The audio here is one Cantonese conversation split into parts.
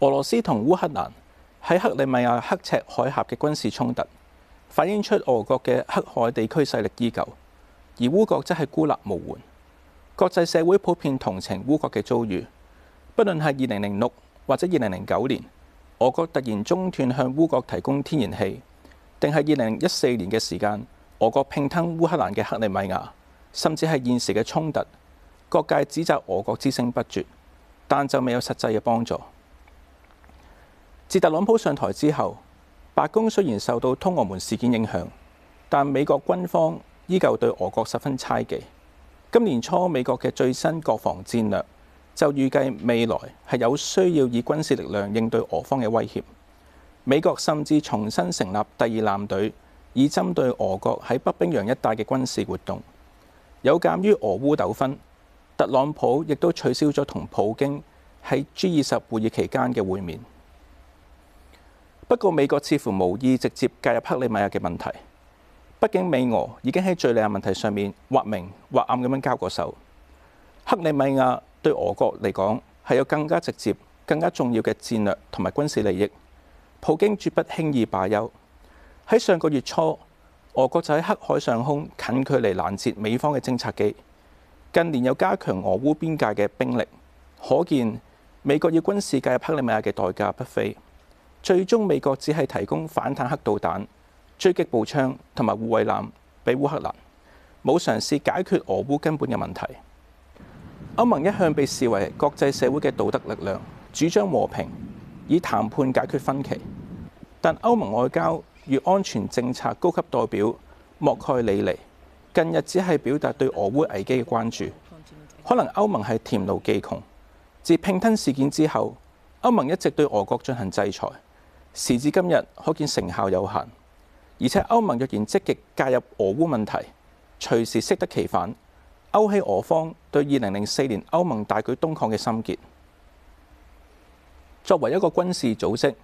俄羅斯同烏克蘭喺克里米亞刻赤海峽嘅軍事衝突，反映出俄國嘅黑海地區勢力依舊，而烏國則係孤立無援。國際社會普遍同情烏國嘅遭遇，不論係二零零六或者二零零九年，俄國突然中斷向烏國提供天然氣，定係二零一四年嘅時間，俄國併吞烏克蘭嘅克里米亞，甚至係現時嘅衝突，各界指責俄國之聲不絕，但就未有實際嘅幫助。自特朗普上台之後，白宮雖然受到通俄門事件影響，但美國軍方依舊對俄國十分猜忌。今年初，美國嘅最新國防戰略就預計未來係有需要以軍事力量應對俄方嘅威脅。美國甚至重新成立第二艦隊，以針對俄國喺北冰洋一帶嘅軍事活動。有鑑於俄烏糾紛，特朗普亦都取消咗同普京喺 G 二十會議期間嘅會面。不過美國似乎無意直接介入克里米亞嘅問題，畢竟美俄已經喺敍利亞問題上面或明或暗咁樣交過手。克里米亞對俄國嚟講係有更加直接、更加重要嘅戰略同埋軍事利益，普京絕不輕易罷休。喺上個月初，俄國就喺黑海上空近距離攔截美方嘅偵察機，近年又加強俄烏邊界嘅兵力，可見美國要軍事介入克里米亞嘅代價不菲。最終美國只係提供反坦克導彈、狙擊步槍同埋護衛艦俾烏克蘭，冇嘗試解決俄烏根本嘅問題。歐盟一向被視為國際社會嘅道德力量，主張和平，以談判解決分歧。但歐盟外交與安全政策高級代表莫蓋里尼近日只係表達對俄烏危機嘅關注，可能歐盟係黔驢技窮。自併吞事件之後，歐盟一直對俄國進行制裁。時至今日，可見成效有限，而且歐盟若然積極介入俄烏問題，隨時適得其反，勾起俄方對二零零四年歐盟大舉東擴嘅心結。作為一個軍事組織，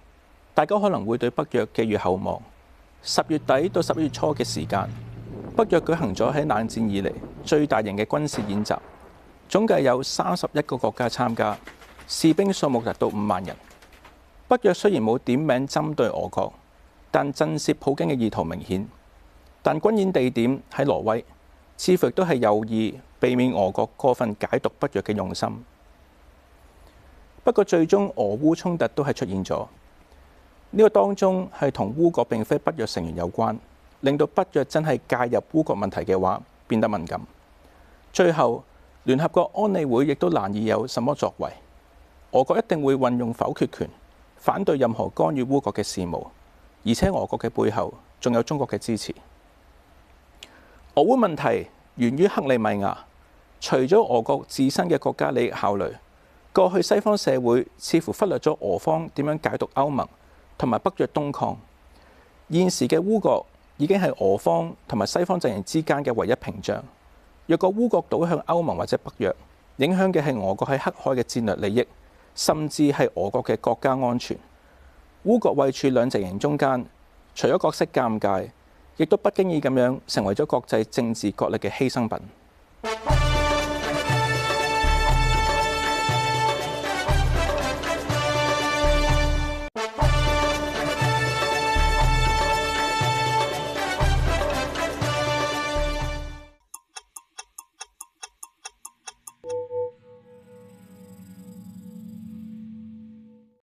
大家可能會對北約寄予厚望。十月底到十一月初嘅時間，北約舉行咗喺冷戰以嚟最大型嘅軍事演習，總計有三十一個國家參加，士兵數目達到五萬人。北約雖然冇點名針對俄國，但震懾普京嘅意圖明顯。但軍演地點喺挪威，似乎亦都係有意避免俄國過分解讀北約嘅用心。不過，最終俄烏衝突都係出現咗，呢個當中係同烏國並非北約成員有關，令到北約真係介入烏國問題嘅話變得敏感。最後，聯合國安理會亦都難以有什麼作為，俄國一定會運用否決權。反對任何干預烏國嘅事務，而且俄國嘅背後仲有中國嘅支持。俄烏問題源於克里米亞，除咗俄國自身嘅國家利益考慮，過去西方社會似乎忽略咗俄方點樣解讀歐盟同埋北約東擴。現時嘅烏國已經係俄方同埋西方陣營之間嘅唯一屏障。若果烏國倒向歐盟或者北約，影響嘅係俄國喺黑海嘅戰略利益。甚至係俄國嘅國家安全，烏國位處兩陣人中間，除咗角色尷尬，亦都不經意咁樣成為咗國際政治角力嘅犧牲品。